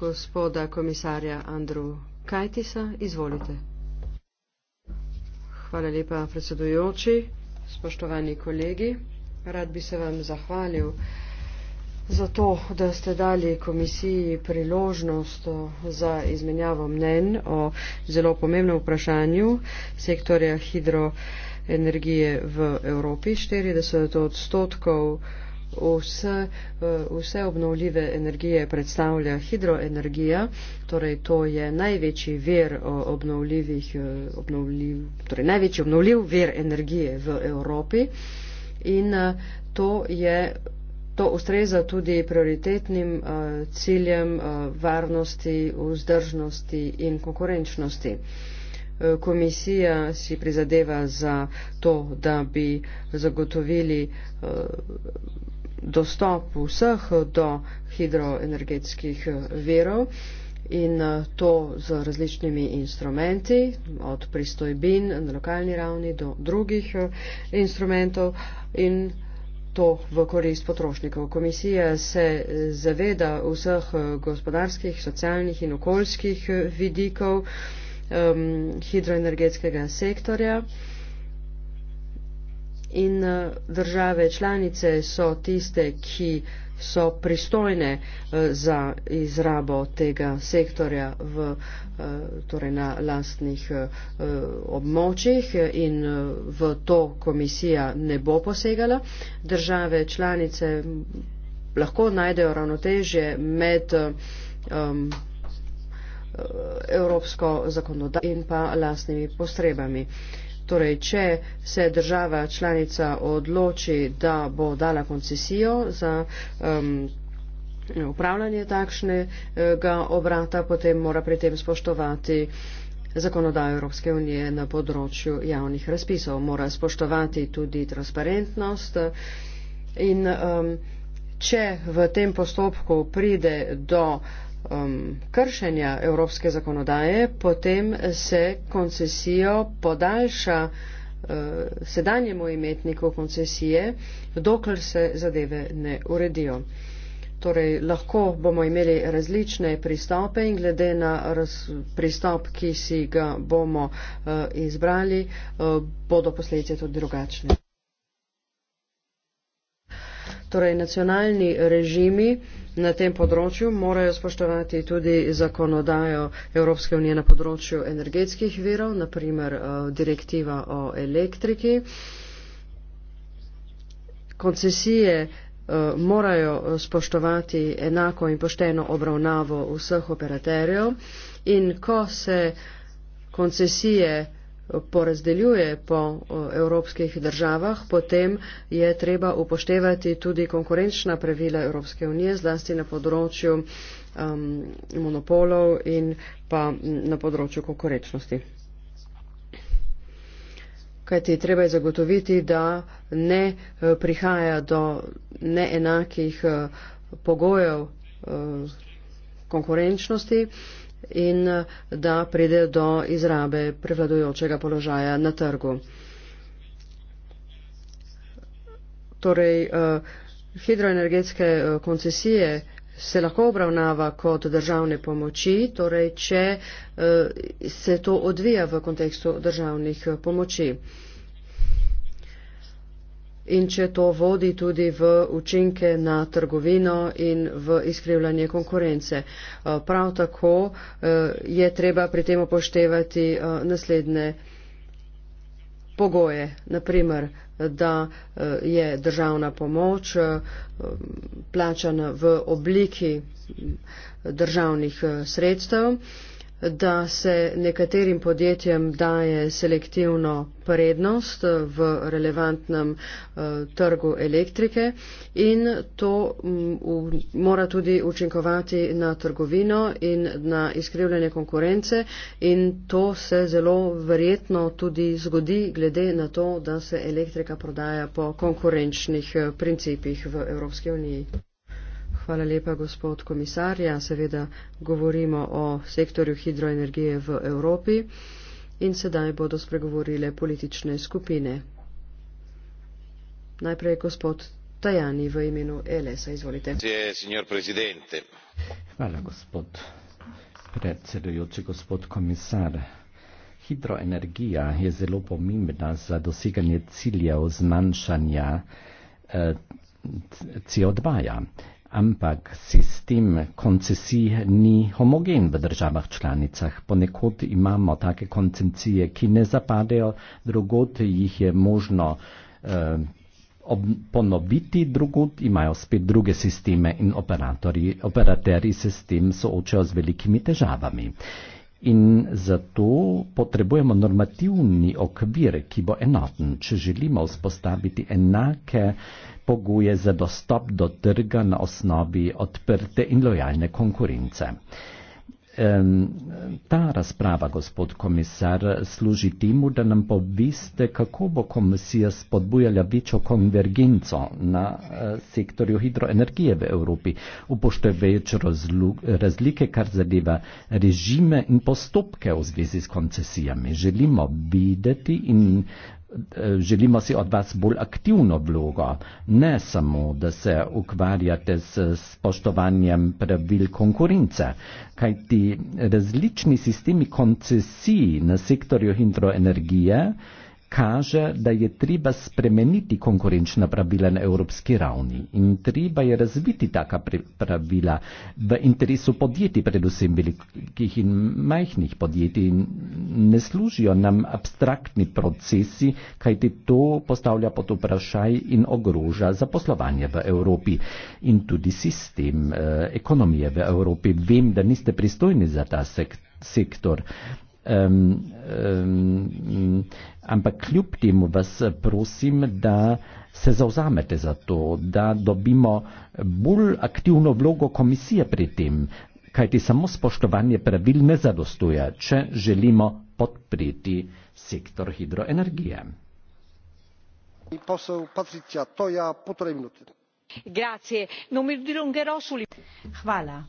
gospoda komisarja Andru Kajtisa. Izvolite. Hvala lepa, predsedujoči, spoštovani kolegi. Rad bi se vam zahvalil za to, da ste dali komisiji priložnost za izmenjavo mnen o zelo pomembnem vprašanju sektorja hidroenergije v Evropi. 40 odstotkov vse, eh, vse obnovljive energije predstavlja hidroenergija, torej to je največji ver eh, obnovljivih, eh, obnovljiv, torej največji obnovljiv ver energije v Evropi in to je. To ustreza tudi prioritetnim uh, ciljem uh, varnosti, vzdržnosti in konkurenčnosti. Uh, komisija si prizadeva za to, da bi zagotovili uh, dostop vseh do hidroenergetskih eh, verov in eh, to z različnimi instrumenti, od pristojbin na lokalni ravni do drugih eh, instrumentov in to v korist potrošnikov. Komisija se zaveda vseh gospodarskih, socialnih in okoljskih vidikov um, hidroenergetskega sektorja in eh, države članice so tiste, ki so pristojne eh, za izrabo tega sektorja v, eh, torej na lastnih območjih in v to komisija ne bo posegala. Države članice lahko najdejo ravnotežje med um, evropsko zakonodajo in pa lastnimi postrebami. Uh, Torej, če se država članica odloči, da bo dala koncesijo za um, upravljanje takšnega obrata, potem mora pri tem spoštovati zakonodajo Evropske unije na področju javnih razpisov. Mora spoštovati tudi transparentnost in um, če v tem postopku pride do uh, um, kršenja evropske zakonodaje, potem se koncesijo podaljša uh, sedanjemu imetniku koncesije, dokler se zadeve ne uredijo. Torej, lahko bomo imeli različne pristope in glede na raz, pristop, ki si ga bomo uh, izbrali, uh, bodo posledice tudi drugačne. Torej, nacionalni režimi na tem področju morajo spoštovati tudi zakonodajo Evropske unije na področju energetskih virov, naprimer eh, direktiva o elektriki. Koncesije eh, morajo eh, spoštovati enako in pošteno obravnavo vseh operaterjev in ko se koncesije porazdeljuje po evropskih državah, potem je treba upoštevati tudi konkurenčna pravila Evropske unije, zlasti na področju um, monopolov in pa na področju konkurenčnosti. Kajti treba je zagotoviti, da ne eh, prihaja do neenakih eh, pogojev eh, konkurenčnosti in eh, da pride do izrabe prevladujočega položaja na trgu. Torej, eh, hidroenergetske eh, koncesije se lahko obravnava kot državne pomoči, torej, če se to odvija v kontekstu državnih pomoči in če to vodi tudi v učinke na trgovino in v izkrivljanje konkurence. Eh, prav tako eh, je treba pri tem upoštevati eh, naslednje pogoje. Naprimer, da je državna pomoč plačana v obliki mm, državnih sredstev da se nekaterim podjetjem daje selektivno prednost v relevantnem eh, trgu elektrike in to mm, mora tudi učinkovati na trgovino in na izkrivljanje konkurence in to se zelo verjetno tudi zgodi glede na to, da se elektrika prodaja po konkurenčnih eh, principih v Evropski uniji. Hvala lepa, gospod komisar. Ja, seveda govorimo o sektorju hidroenergije v Evropi in sedaj bodo spregovorile politične skupine. Najprej gospod Tajani v imenu Elesa, izvolite. Hvala, gospod predsedujoči, gospod komisar. Hidroenergija je zelo pomembna za doseganje ciljev zmanjšanja eh, CO2. -ja ampak sistem koncesij ni homogen v državah članicah. Ponekod imamo take koncesije, ki ne zapadejo, drugot jih je možno eh, ob, ponoviti, drugot imajo spet druge sisteme in operatori, operaterji se s tem soočajo z velikimi težavami. In zato potrebujemo normativni okvir, ki bo enoten, če želimo vzpostaviti enake eh, poguje za dostop do trga na osnovi odprte in lojalne konkurence. Ta razprava, gospod komisar, služi temu, da nam poviste, kako bo komisija spodbujala večjo konvergenco na eh, sektorju hidroenergije v Evropi, upoštevajoč razlike, kar zadeva režime in postopke v zvezi s koncesijami. Želimo videti in uh, želimo si od vas bolj aktivno vlogo, ne samo, da se ukvarjate s spoštovanjem pravil konkurence, kajti različni sistemi koncesij na sektorju hidroenergije kaže, da je treba spremeniti konkurenčna pravila na evropski ravni in treba je razviti taka pravila v interesu podjetij, predvsem velikih in majhnih podjetij. Ne služijo nam abstraktni procesi, kajti to postavlja pod vprašaj in ogroža zaposlovanje v Evropi in tudi sistem eh, ekonomije v Evropi. Vem, da niste pristojni za ta sek sektor. Um, um, ampak kljub temu vas eh, prosim, da se zauzamete za to, da dobimo bolj aktivno vlogo komisije pri tem, kajti samo spoštovanje pravil ne zadostuje, če želimo podpreti sektor hidroenergije. Hvala.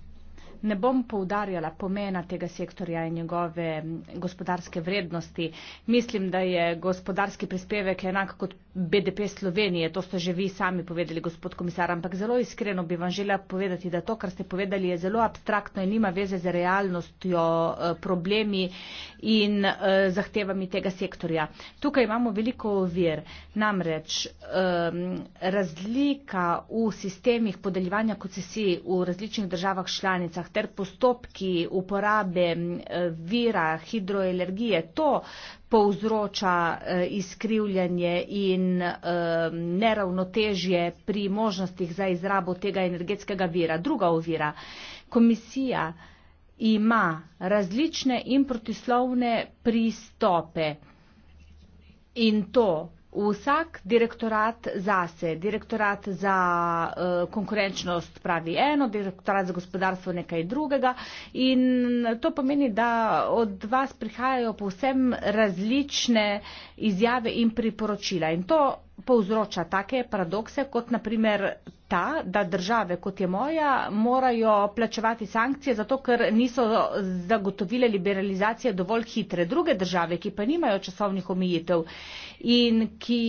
Ne bom poudarjala pomena tega sektorja in njegove gospodarske vrednosti. Mislim, da je gospodarski prispevek enak kot BDP Slovenije. To ste že vi sami povedali, gospod komisar. Ampak zelo iskreno bi vam želela povedati, da to, kar ste povedali, je zelo abstraktno in nima veze z realnostjo, e, problemi in e, zahtevami tega sektorja. Tukaj imamo veliko ovir. Namreč e, razlika v sistemih podeljevanja koncesij v različnih državah članicah vodah ter postopki uporabe vira hidroenergije, to povzroča e, izkrivljanje in e, neravnotežje pri možnostih za izrabo tega energetskega vira. Druga ovira. Komisija ima različne in protislovne pristope. In to vsak direktorat zase, direktorat za uh, konkurenčnost pravi eno, direktorat za gospodarstvo nekaj drugega in to pomeni, da od vas prihajajo povsem različne izjave in priporočila in to povzroča take paradokse, kot naprimer ta, da države, kot je moja, morajo plačevati sankcije zato, ker niso zagotovile liberalizacije dovolj hitre. Druge države, ki pa nimajo časovnih omejitev in ki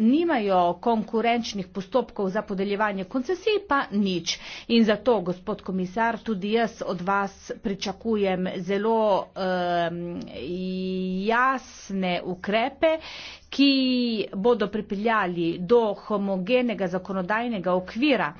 nimajo konkurenčnih postopkov za podeljevanje koncesij, pa nič. In zato, gospod komisar, tudi jaz od vas pričakujem zelo um, jasne ukrepe, ki bodo pripeljali do homogenega zakonodajnega okvira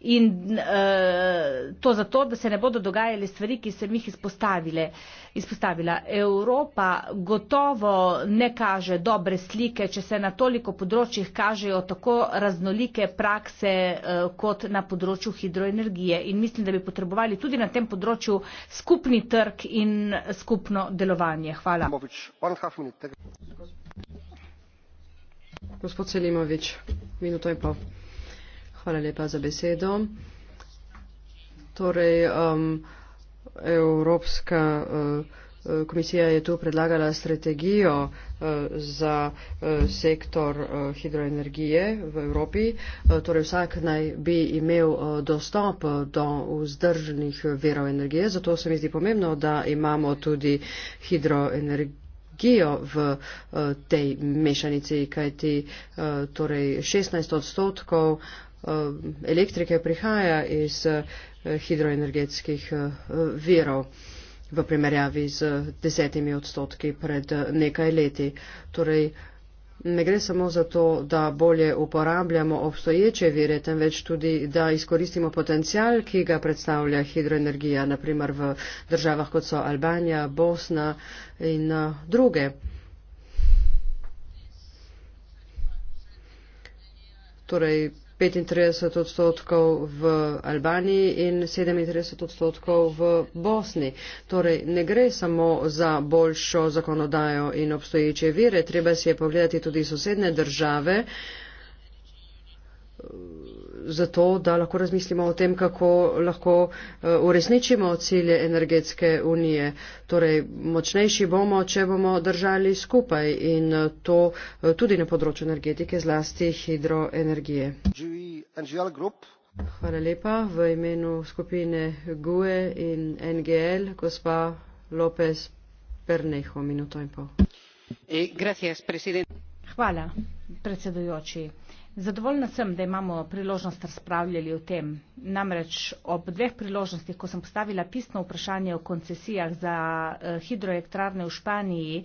in e, to zato, da se ne bodo dogajale stvari, ki sem jih izpostavila. Evropa gotovo ne kaže dobre slike, če se na toliko področjih kažejo tako raznolike prakse e, kot na področju hidroenergije in mislim, da bi potrebovali tudi na tem področju skupni trg in skupno delovanje. Hvala. Gospod Selimovič, minuto in pol. Hvala lepa za besedo. Torej, um, Evropska uh, uh, komisija je tu predlagala strategijo uh, za uh, sektor uh, hidroenergije v Evropi. Uh, torej, vsak naj bi imel uh, dostop uh, do vzdržnih verov energije. Zato se mi zdi pomembno, da imamo tudi hidroenergijo energijo v eh, tej mešanici, kajti eh, torej 16 odstotkov eh, elektrike prihaja iz hidroenergetskih virov v primerjavi z desetimi odstotki pred nekaj leti. Torej, ne gre samo za to, da bolje uporabljamo obstoječe vire, temveč tudi, da izkoristimo potencial, ki ga predstavlja hidroenergija, naprimer v državah kot so Albanija, Bosna in druge. Torej, 35 odstotkov v Albaniji in 37 odstotkov v Bosni. Torej, ne gre samo za boljšo zakonodajo in obstoječe vire, treba si je pogledati tudi sosedne države zato, da lahko razmislimo o tem, kako lahko eh, uresničimo cilje energetske unije. Torej, močnejši bomo, če bomo držali skupaj in eh, to eh, tudi na področju energetike, zlasti hidroenergije. Hvala lepa v imenu skupine GUE in NGL, gospa López Pernejo, minuto in pol. Hvala, predsedujoči. Zadovoljna sem, da imamo priložnost razpravljali o tem. Namreč ob dveh priložnostih, ko sem postavila pisno vprašanje o koncesijah za eh, hidroelektrarne v Španiji,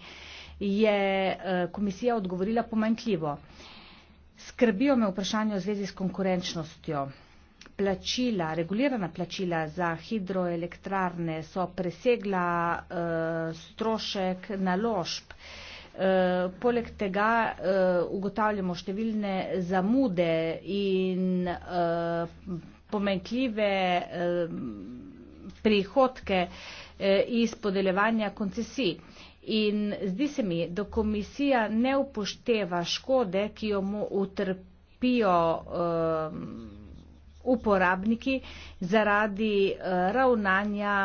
je eh, komisija odgovorila pomankljivo. Skrbijo me vprašanje v zvezi s konkurenčnostjo. Plačila, regulirana plačila za hidroelektrarne so presegla uh, strošek naložb. Uh, Eh, poleg tega eh, ugotavljamo številne zamude in eh, pomenkljive prihodke iz podeljevanja koncesij. In zdi se mi, da komisija ne upošteva škode, ki jo mu utrpijo uporabniki zaradi ravnanja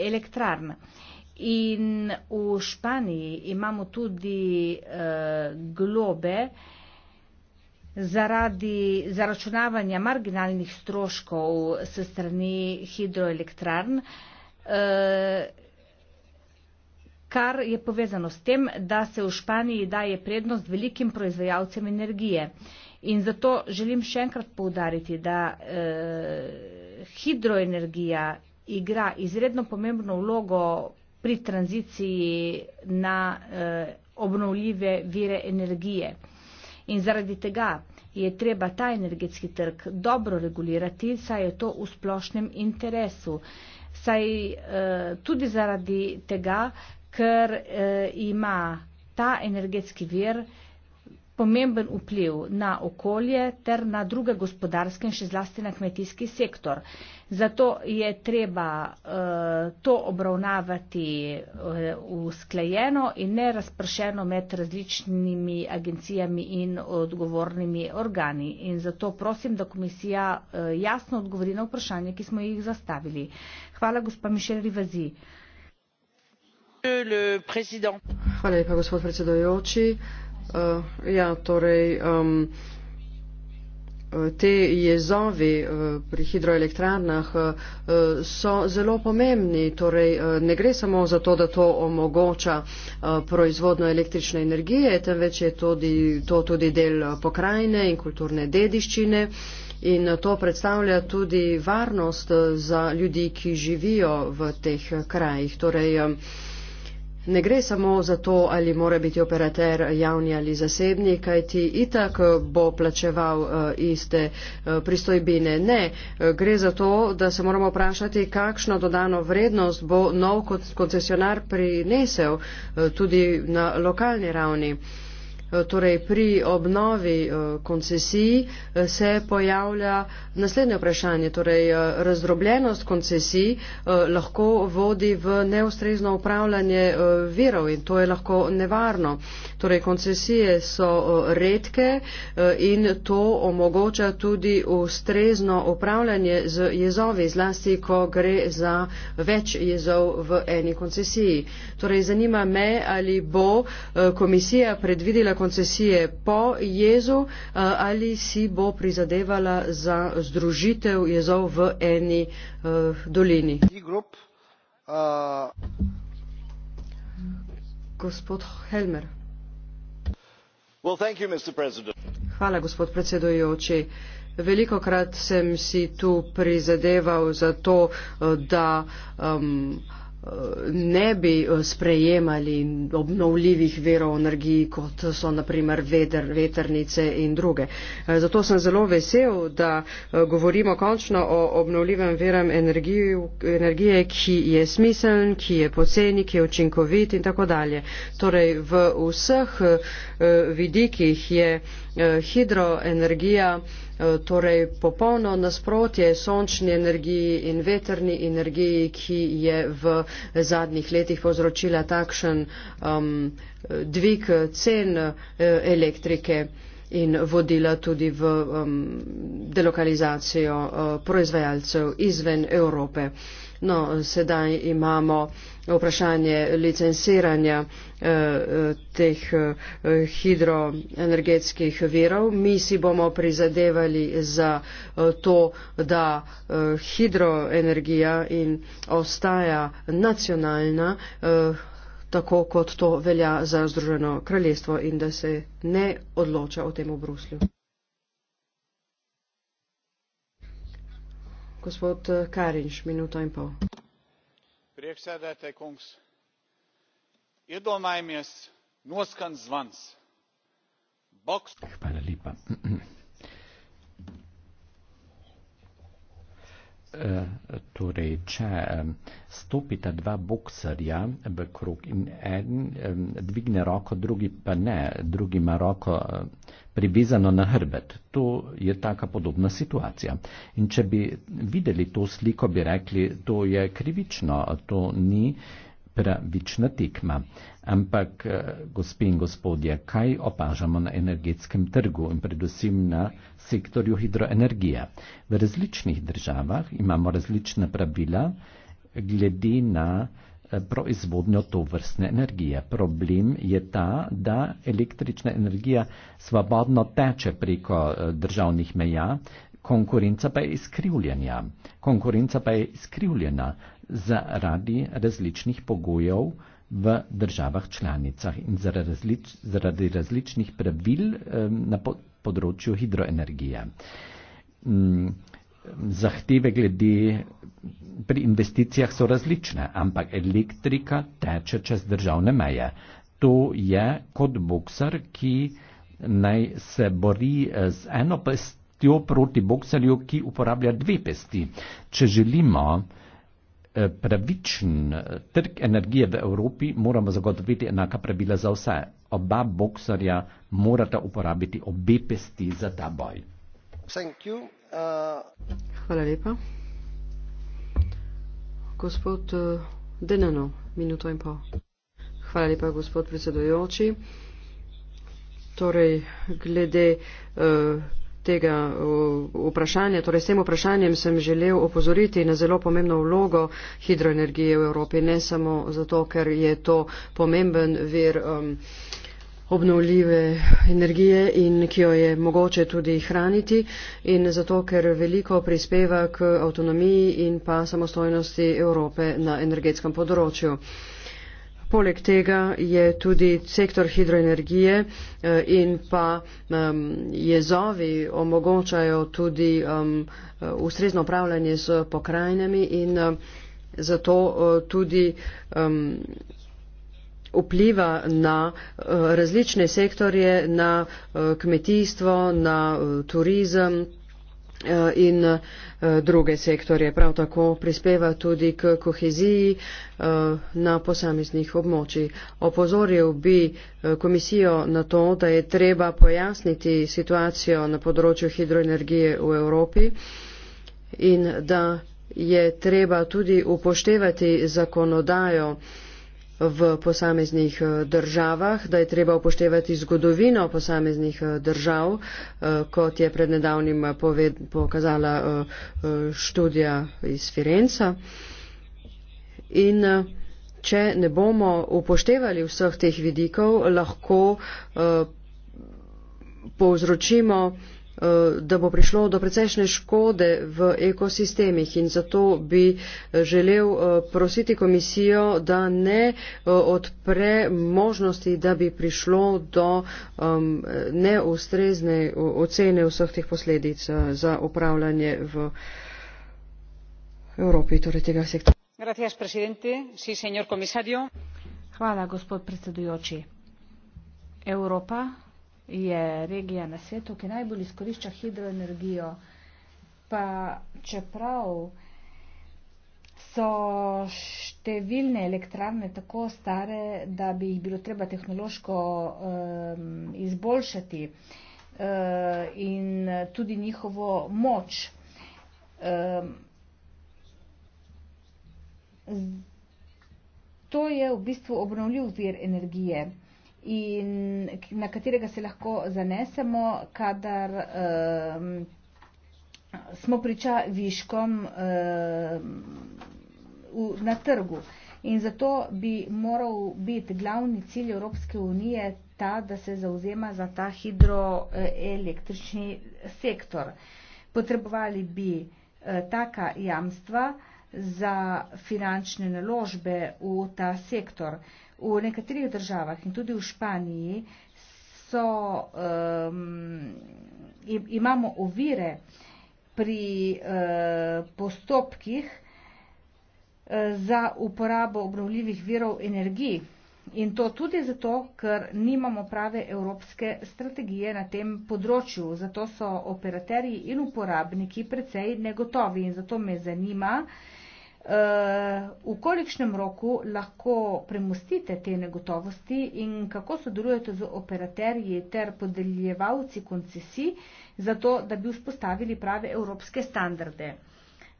elektrarna. In v Španiji imamo tudi uh, globe zaradi zaračunavanja marginalnih stroškov se strani hidroelektrarn, uh, kar je povezano s tem, da se v Španiji daje prednost velikim proizvajalcem energije. In zato želim še enkrat poudariti, da uh, hidroenergija igra izredno pomembno vlogo pri tranziciji na eh, obnovljive vire energije. In zaradi tega je treba ta energetski trg dobro regulirati, saj je to v splošnem interesu. Saj eh, tudi zaradi tega, ker eh, ima ta energetski vir eh, pomemben vpliv na okolje ter na druge gospodarske in še zlasti na kmetijski sektor. Zato je treba uh, to obravnavati eh, usklajeno uh, in ne razpršeno med različnimi agencijami in odgovornimi organi. In zato prosim, da komisija uh, jasno odgovori na vprašanje, ki smo jih zastavili. Hvala, gospa Mišel Rivazi. Hvala lepa, gospod predsedojoči. Uh, Uh, ja, torej, um, te jezovi uh, pri hidroelektrarnah uh, so zelo pomembni. Torej, uh, ne gre samo za to, da to omogoča uh, proizvodno električne energije, temveč je tudi, to tudi del pokrajine in kulturne dediščine. In to predstavlja tudi varnost za ljudi, ki živijo v teh krajih. Torej, uh, Ne gre samo za to, ali mora biti operater javni ali zasebni, kaj ti itak bo plačeval eh, iste eh, pristojbine. Ne, eh, gre za to, da se moramo vprašati, kakšno dodano vrednost bo nov koncesionar prinesel tudi na lokalni ravni. Eh, torej pri obnovi eh, koncesij eh, se pojavlja naslednje vprašanje, torej razdrobljenost koncesij lahko vodi v neustrezno upravljanje virov in to je lahko nevarno. Torej koncesije so redke in to omogoča tudi ustrezno upravljanje z jezovi, zlasti ko gre za več jezov v eni koncesiji. Torej zanima me, ali bo komisija predvidela koncesije po jezu eh, ali si bo prizadevala za združitev jezov v eni eh, dolini. Eh, gospod Helmer. Well, you, Hvala, gospod predsedujoči. Veliko krat sem si tu prizadeval za to, da um, ne bi eh, sprejemali obnovljivih verov energiji, kot so naprimer veder, veternice in druge. Eh, zato sem zelo vesel, da eh, govorimo končno o obnovljivem verem energiju, energije, ki je smiseln, ki je poceni, ki je učinkovit in tako dalje. Torej v vseh vidikih je hidroenergija Eh, torej popolno nasprotje sončni energiji in veterni energiji, ki je v zadnjih letih povzročila takšen um, dvig cen eh, elektrike in vodila tudi v um, delokalizacijo uh, proizvajalcev izven Evrope. No, sedaj imamo vprašanje licenciranja eh, teh eh, hidroenergetskih virov. Mi si bomo prizadevali za eh, to, da eh, hidroenergija ostaja nacionalna, eh, tako kot to velja za Združeno kraljestvo in da se ne odloča o tem v Bruslju. Gospod Karinš, minuto in pol. Predsedajte, kungs. Edomajmes, noskan zvans. Boks. Hvala lepa. Eh, torej, če eh, stopita dva bokserja v krug in en eh, dvigne roko, drugi pa ne, drugi ima roko privezano na hrbet. To je taka podobna situacija. In če bi videli to sliko, bi rekli, to je krivično, to ni pravična tekma. Ampak, eh, gospe in gospodje, kaj opažamo na energetskem trgu in predvsem na sektorju hidroenergije? V različnih državah imamo različna pravila glede na eh, proizvodnjo to vrstne energije. Problem je ta, da električna energija svobodno teče preko eh, državnih meja, konkurenca pa je izkrivljena. Konkurenca pa je izkrivljena zaradi različnih pogojev v državah članicah in zaradi različnih pravil na področju hidroenergije. Mm, zahteve glede pri investicijah so različne, ampak elektrika teče čez državne meje. To je kot boksar, ki naj se bori e, z eno pestjo proti boksarju, ki uporablja dve pesti. Če želimo, Eh, pravičen eh, trg energije v Evropi moramo zagotoviti enaka pravila za vse. Oba boksarja morata uporabiti obe pesti za ta boj. Uh, Hvala lepa. Gospod eh, Denano, minuto in pol. Hvala lepa, gospod predsedujoči. Torej, glede uh, tega vprašanja. Torej, s tem vprašanjem sem želel opozoriti na zelo pomembno vlogo hidroenergije v Evropi, ne samo zato, ker je to pomemben vir. Um, obnovljive energije in ki jo je mogoče tudi hraniti in zato, ker veliko prispeva k avtonomiji in pa samostojnosti Evrope na energetskem področju. Poleg tega je tudi sektor hidroenergije eh, in pa jezovi omogočajo tudi ustrezno upravljanje z pokrajinami in eh, zato eh, tudi vpliva na različne sektorje, na kmetijstvo, na turizem, Eh, in eh, druge sektorje. Prav tako prispeva tudi k koheziji eh, na posameznih območij. Opozoril bi komisijo na to, da je treba pojasniti situacijo na področju hidroenergije v Evropi in da je treba tudi upoštevati zakonodajo v posameznih eh, državah, da je treba upoštevati zgodovino posameznih eh, držav, eh, kot je pred nedavnim pokazala študija iz Firenca. In če ne bomo upoštevali vseh teh vidikov, lahko povzročimo Eh, da bo prišlo do precejšnje škode v ekosistemih in zato bi eh, želel eh, prositi komisijo, da ne odpre možnosti, da bi prišlo do neustrezne ocene vseh teh posledic za upravljanje v Evropi, torej tega sektorja. Gracias, presidente. Sí, señor comisario. Hvala, gospod predsedujoči. Evropa je regija na svetu, ki najbolj izkorišča hidroenergijo, pa čeprav so številne elektrarne tako stare, da bi jih bilo treba tehnološko um, izboljšati um, in tudi njihovo moč. Um, z, to je v bistvu obnovljiv vir energije in na katerega se lahko zanesemo, kadar uh, smo priča viškom uh, v, na trgu. In zato bi moral biti glavni cilj Evropske unije ta, da se zauzema za ta hidroelektrični sektor. Potrebovali bi uh, taka jamstva za finančne naložbe v ta sektor. Uh, V nekaterih državah in tudi v Španiji so, um, imamo ovire pri uh, postopkih eh, za uporabo obnovljivih virov energiji. In to tudi zato, ker nimamo prave evropske strategije na tem področju. Zato so operaterji in uporabniki precej negotovi in zato me zanima, uh, Eh, v kolikšnem roku lahko premustite te negotovosti in kako sodelujete z operaterji ter podeljevalci koncesij, zato da bi vzpostavili prave evropske standarde?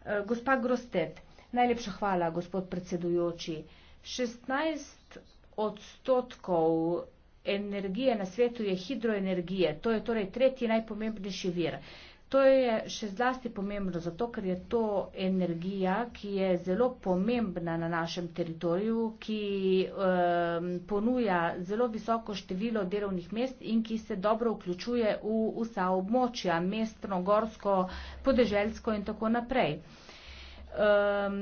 Eh, gospa Grostet, najlepša hvala, gospod predsedujoči. 16 odstotkov energije na svetu je hidroenergije, to je torej tretji najpomembnejši vir. To je še zlasti pomembno, zato ker je to energija, ki je zelo pomembna na našem teritoriju, ki um, ponuja zelo visoko število delovnih mest in ki se dobro vključuje v vsa območja, mestno, gorsko, podeželsko in tako naprej. Um,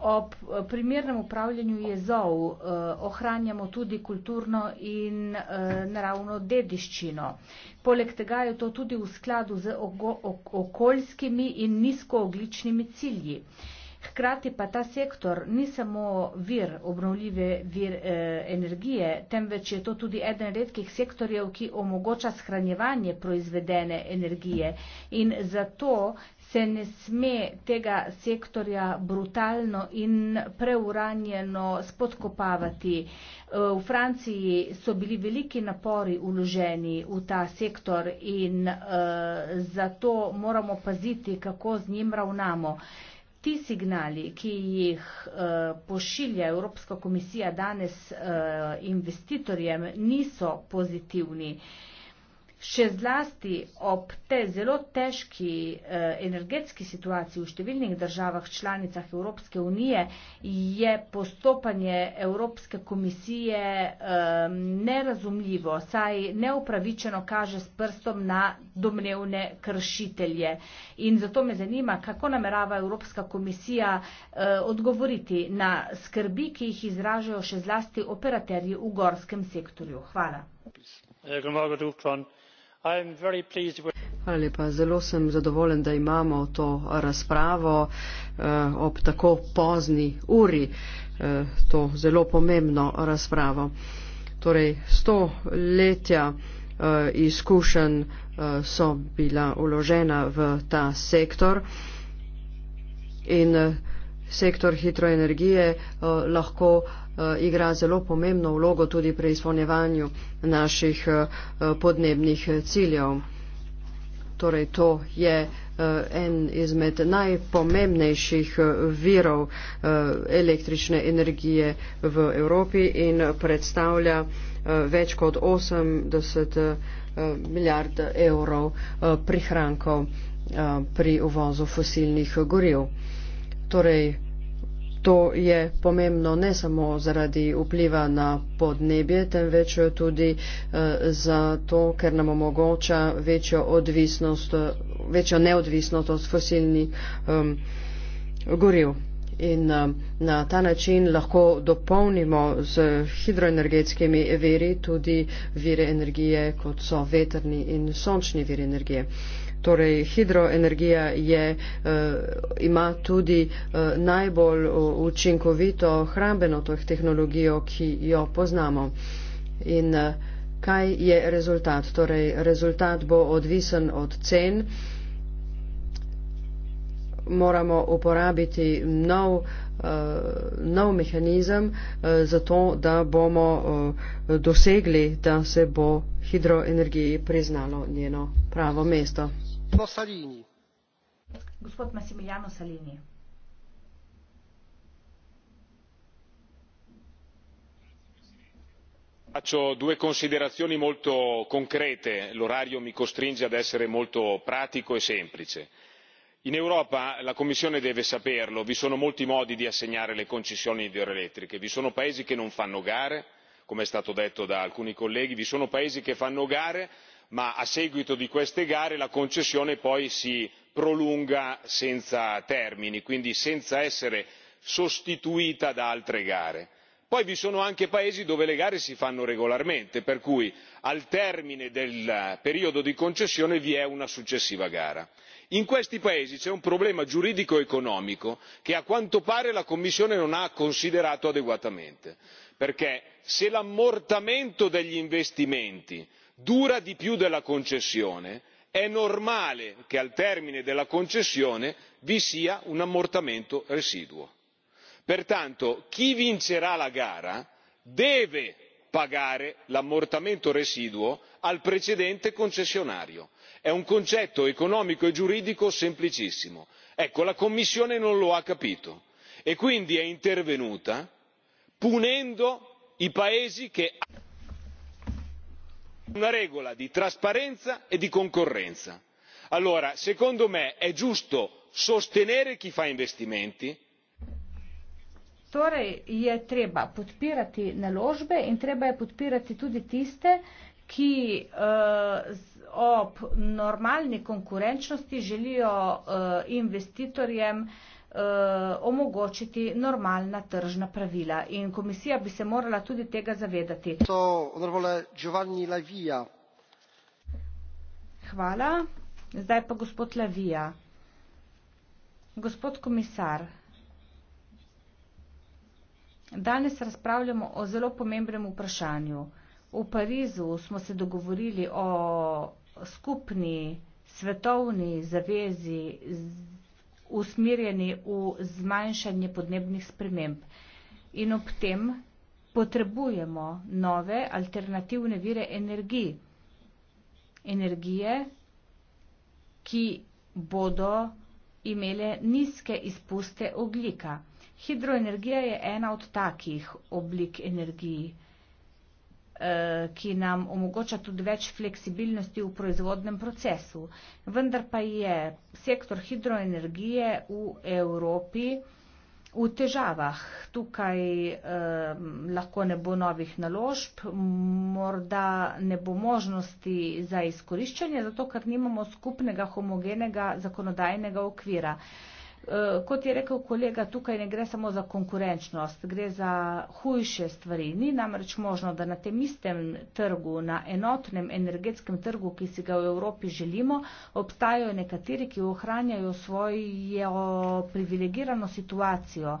Ob eh, primernem upravljanju jezov eh, ohranjamo tudi kulturno in eh, naravno dediščino. Poleg tega je to tudi v skladu z okoljskimi in nizkoogličnimi cilji. Hkrati pa ta sektor ni samo vir obnovljive vir, e, energije, temveč je to tudi eden redkih sektorjev, ki omogoča shranjevanje proizvedene energije. In zato se ne sme tega sektorja brutalno in preuranjeno spodkopavati. Eh, v Franciji so bili veliki napori uloženi v ta sektor in e, zato moramo paziti, kako z njim ravnamo ti signali, ki jih eh, pošilja Evropska komisija danes eh, investitorjem, niso pozitivni. Eh, še zlasti ob te zelo težki eh, energetski situaciji v številnih državah članicah Evropske unije, je postopanje Evropske komisije eh, nerazumljivo, saj neupravičeno kaže s prstom na domnevne kršitelje. In zato me zanima, kako namerava Evropska komisija eh, odgovoriti na skrbi, ki jih izražajo še zlasti operaterji v gorskem sektorju. Hvala. Ja, zelo sem zadovoljen da imamo to razpravo eh, ob tako pozni uri eh, to zelo pomembno razpravo torej sto letja eh, izkušenj so bila uložena v ta sektor in sektor hitroenergije lahko Eh, igra zelo pomembno vlogo tudi pri izpolnjevanju naših eh, podnebnih ciljev. Torej, to je eh, en izmed najpomembnejših virov električne energije v Evropi in predstavlja več kot 80 milijard evrov prihrankov pri uvozu fosilnih goriv. Torej, To je pomembno ne samo zaradi vpliva na podnebje, temveč tudi eh, zato, ker nam omogoča večjo, odvisnost, večjo neodvisnost od fosilnih um, goriv. In na ta način lahko dopolnimo z hidroenergetskimi veri tudi vire energije, kot so veterni in sončni vire energije torej hidroenergija je, eh, ima tudi eh, najbolj eh, učinkovito hrambeno tehnologijo, ki jo poznamo. In kaj je rezultat? Torej, rezultat bo odvisen od cen. Moramo uporabiti nov, nov mehanizem za to, da bomo dosegli, da se bo hidroenergiji priznalo njeno pravo mesto gospod Salini. Gospod Massimiliano Salini. Faccio due considerazioni molto concrete. L'orario mi costringe ad essere molto pratico e semplice. In Europa, la Commissione deve saperlo, vi sono molti modi di assegnare le concessioni idroelettriche. Vi sono paesi che non fanno gare, come è stato detto da alcuni colleghi, vi sono paesi che fanno gare ma a seguito di queste gare la concessione poi si prolunga senza termini quindi senza essere sostituita da altre gare. poi vi sono anche paesi dove le gare si fanno regolarmente per cui al termine del periodo di concessione vi è una successiva gara. in questi paesi c'è un problema giuridico economico che a quanto pare la commissione non ha considerato adeguatamente perché se l'ammortamento degli investimenti dura di più della concessione è normale che al termine della concessione vi sia un ammortamento residuo. pertanto chi vincerà la gara deve pagare l'ammortamento residuo al precedente concessionario è un concetto economico e giuridico semplicissimo. ecco la commissione non lo ha capito e quindi è intervenuta punendo i paesi che una regola di trasparenza e di concorrenza. allora secondo me è giusto sostenere chi fa investimenti. torej je treba podpirati naložbe in treba je podpirati tudi tiste ki eh, ob normalni konkurenčnosti želijo eh, investitorjem Eh, omogočiti normalna tržna pravila. In komisija bi se morala tudi tega zavedati. Hvala. Zdaj pa gospod Lavija. Gospod komisar, danes razpravljamo o zelo pomembnem vprašanju. V Parizu smo se dogovorili o skupni svetovni zavezi z usmerjeni v zmanjšanje podnebnih sprememb. In ob tem potrebujemo nove alternativne vire energij. Energije, ki bodo imele nizke izpuste oglika. Hidroenergija je ena od takih oblik energiji. Eh, ki nam omogoča tudi več fleksibilnosti v proizvodnem procesu. Vendar pa je sektor hidroenergije v Evropi v težavah. Tukaj eh, lahko ne bo novih naložb, morda ne bo možnosti za izkoriščanje, zato ker nimamo skupnega homogenega zakonodajnega okvira. Eh, Eh, kot je rekel kolega, tukaj ne gre samo za konkurenčnost, gre za hujše stvari. Ni namreč možno, da na tem istem trgu, na enotnem energetskem trgu, ki si ga v Evropi želimo, obstajajo nekateri, ki ohranjajo svojo privilegirano situacijo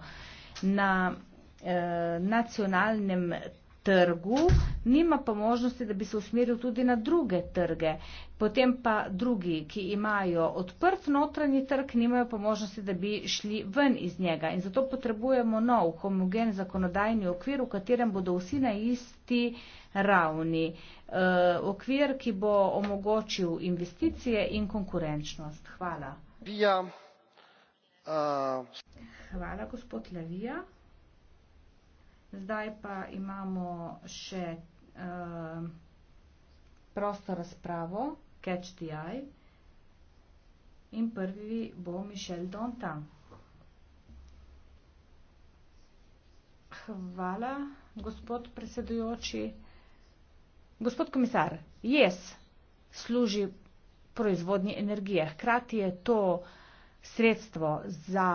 na eh, nacionalnem trgu trgu, nima pa možnosti, da bi se usmeril tudi na druge trge. Potem pa drugi, ki imajo odprt notranji trg, nimajo pa možnosti, da bi šli ven iz njega. In zato potrebujemo nov homogen zakonodajni okvir, v katerem bodo vsi na isti ravni. E, okvir, ki bo omogočil investicije in konkurenčnost. Hvala. Ja, eh. Hvala, gospod Levija. Zdaj pa imamo še uh, prosto razpravo, Catch the Eye. In prvi bo Mišel Donta. Hvala, gospod predsedujoči. Gospod komisar, jaz služi proizvodnji energije. Hkrati je to uh, sredstvo za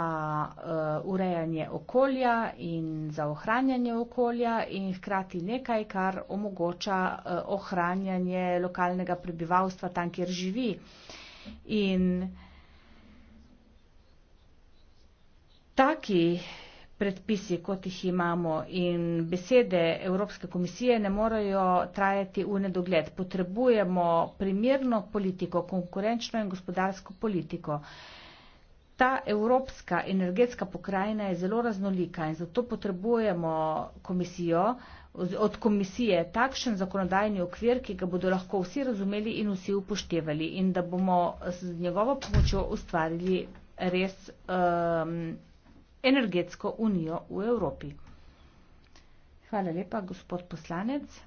uh, urejanje okolja in za ohranjanje okolja in hkrati nekaj, kar omogoča uh, ohranjanje lokalnega prebivalstva tam, kjer živi. In taki predpisi, kot jih imamo in besede Evropske komisije ne morejo trajati v nedogled. Potrebujemo primirno politiko, konkurenčno in gospodarsko politiko. Uh, Ta evropska energetska pokrajina je zelo raznolika in zato potrebujemo komisijo, od komisije takšen zakonodajni okvir, ki ga bodo lahko vsi razumeli in vsi upoštevali in da bomo z njegovo pomočjo ustvarili res um, energetsko unijo v Evropi. Hvala lepa, gospod poslanec.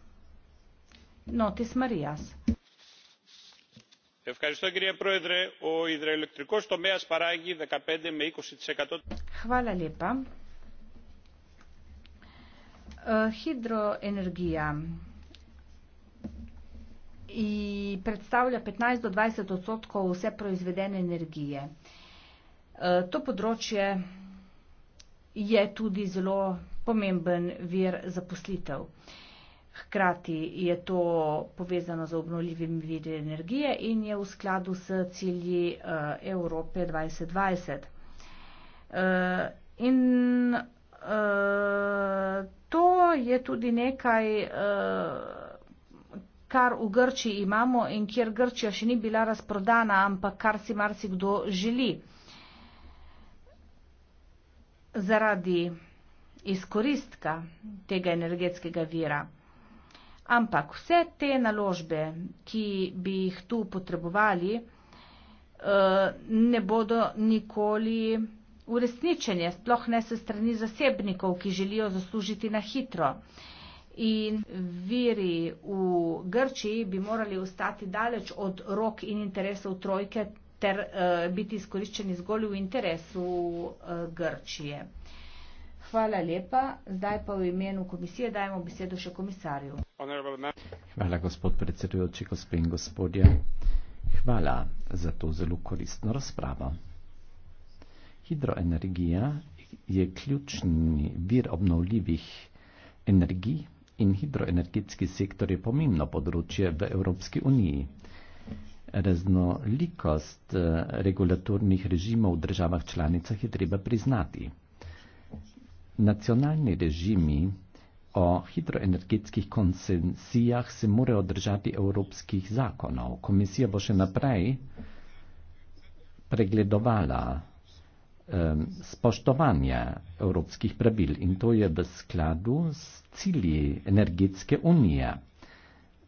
No, ti smo jaz gospa predsednica! hidroenergija predstavlja petnajst do dvajset odstotkov vse proizvedene energije. E, to področje je tudi zelo pomemben vir zaposlitev. Hkrati je to povezano z obnovljivimi viri energije in je v skladu s cilji eh, Evrope 2020. Eh, in eh, to je tudi nekaj, kar v Grčiji imamo in kjer Grčija še ni bila razprodana, ampak kar si marsikdo želi. Zaradi izkoristka tega energetskega vira. Ampak vse te naložbe, ki bi jih tu potrebovali, eh, ne bodo nikoli uresničene, sploh ne se strani zasebnikov, ki želijo zaslužiti na hitro. In viri v Grčiji bi morali ostati daleč od rok in interesov trojke ter uh, biti izkoriščeni zgolj v interesu uh, Grčije. Uh, Hvala lepa. Zdaj pa v imenu komisije dajemo besedo še komisarju. Hvala, gospod predsedujoči, gospod in gospodje. Hvala za to zelo koristno razpravo. Hidroenergija je ključni vir obnovljivih energij in hidroenergetski sektor je pomembno področje v Evropski uniji. Raznolikost eh, regulatornih režimov v državah članicah je treba priznati nacionalni režimi o hidroenergetskih koncesijah se morajo držati evropskih zakonov. Komisija bo še naprej pregledovala spoštovanje evropskih pravil in to je v skladu s cilji energetske unije,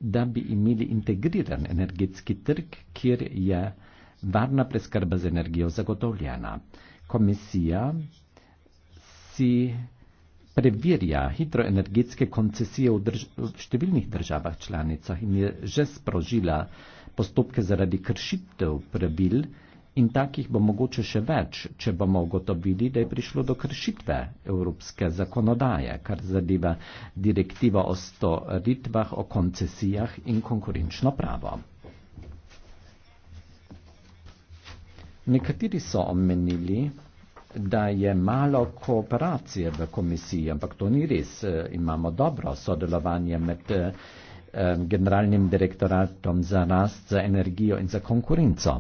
da bi imeli integriran energetski trg, kjer je varna preskrba z energijo zagotovljena. Komisija si preverja hidroenergetske koncesije v, drž v številnih državah članicah in je že sprožila postopke zaradi kršitev pravil in takih bo mogoče še več, če bomo ugotovili, da je prišlo do kršitve evropske zakonodaje, kar zadeva direktiva o storitvah, o koncesijah in konkurenčno pravo. Nekateri so omenili, da je malo kooperacije v komisiji, ampak to ni res. E, imamo dobro sodelovanje med e, generalnim direktoratom za rast, za energijo in za konkurenco.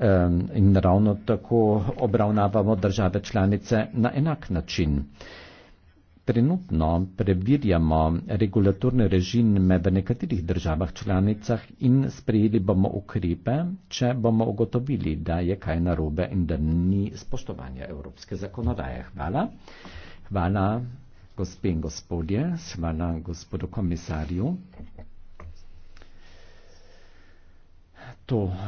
E, in ravno tako obravnavamo države članice na enak način trenutno predvidjamo regulatorni režim med nekaterih državah članicah in sprejeli bomo ukrepe, če bomo ugotovili, da je kaj narobe in da ni spoštovanja evropske zakonodaje. Hvala. Hvala gospe in gospodje, hvala gospodu komisarju. To